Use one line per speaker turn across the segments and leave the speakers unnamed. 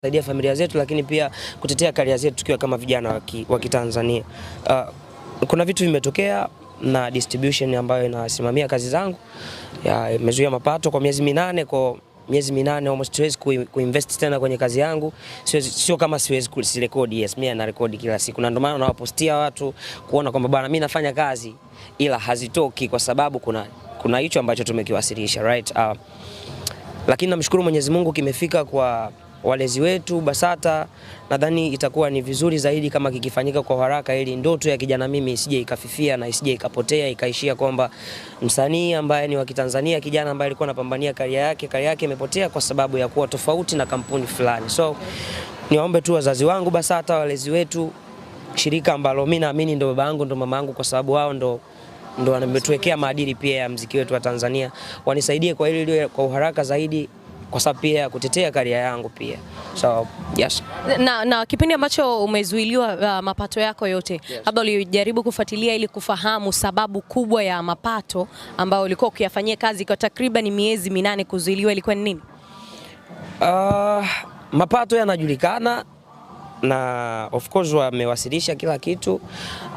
kusaidia familia zetu, lakini pia kutetea karia zetu tukiwa kama vijana wa Kitanzania. Uh, kuna vitu vimetokea na distribution ambayo inasimamia kazi zangu imezuia mapato kwa miezi minane kwa miezi minane almost siwezi kuinvest tena kwenye kazi yangu, sio kama siwezi kurekodi. Yes, mimi na rekodi kila siku, na ndio maana nawapostia watu kuona kwamba bwana, mimi nafanya kazi ila hazitoki, kwa sababu kuna kuna hicho ambacho tumekiwasilisha right. Uh, lakini namshukuru Mwenyezi Mungu kimefika kwa walezi wetu BASATA, nadhani itakuwa ni vizuri zaidi kama kikifanyika kwa haraka, ili ndoto ya kijana mimi isije ikafifia na isije ikapotea ikaishia kwamba msanii ambaye ni wa Kitanzania, kijana ambaye alikuwa anapambania kariera yake, kariera yake imepotea kwa sababu ya kuwa tofauti na kampuni fulani. So niwaombe tu wazazi wangu BASATA, walezi wetu, shirika ambalo mimi naamini ndo baba yangu ndo mama yangu, kwa sababu wao ndo ndo wametuwekea maadili pia ya mziki wetu wa Tanzania, wanisaidie kwa hili kwa uharaka zaidi kwa sababu pia kutetea karia yangu pia so,
yes. Na, na kipindi ambacho umezuiliwa uh, mapato yako yote labda yes. Ulijaribu kufuatilia ili kufahamu sababu kubwa ya mapato ambayo ulikuwa ukiyafanyia kazi kwa takriban miezi minane, kuzuiliwa ilikuwa ni nini?
Uh, mapato yanajulikana na of course wamewasilisha kila kitu,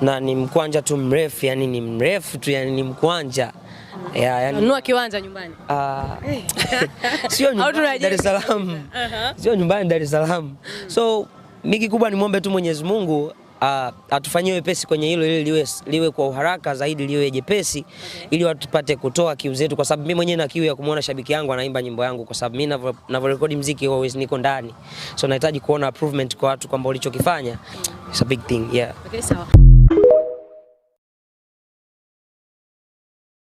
na ni mkwanja tu mrefu, yani ni mrefu tu, yani ni mkwanja
ya, yani, nunua kiwanja nyumbani.
Uh, sio nyumbani Dar es Salaam, sio nyumbani Dar es Salaam. So mi kubwa ni muombe tu Mwenyezi Mungu Ah, atufanyie wepesi kwenye hilo ili liwe, liwe kwa uharaka zaidi liwe jepesi okay. ili watu tupate kutoa kiu zetu, kwa sababu mimi mwenyewe na kiu ya kumwona shabiki yangu anaimba nyimbo yangu, kwa sababu mimi ninavyorekodi muziki always niko ndani, so nahitaji kuona improvement kwa watu kwamba ulichokifanya it's a big thing yeah. Okay, so.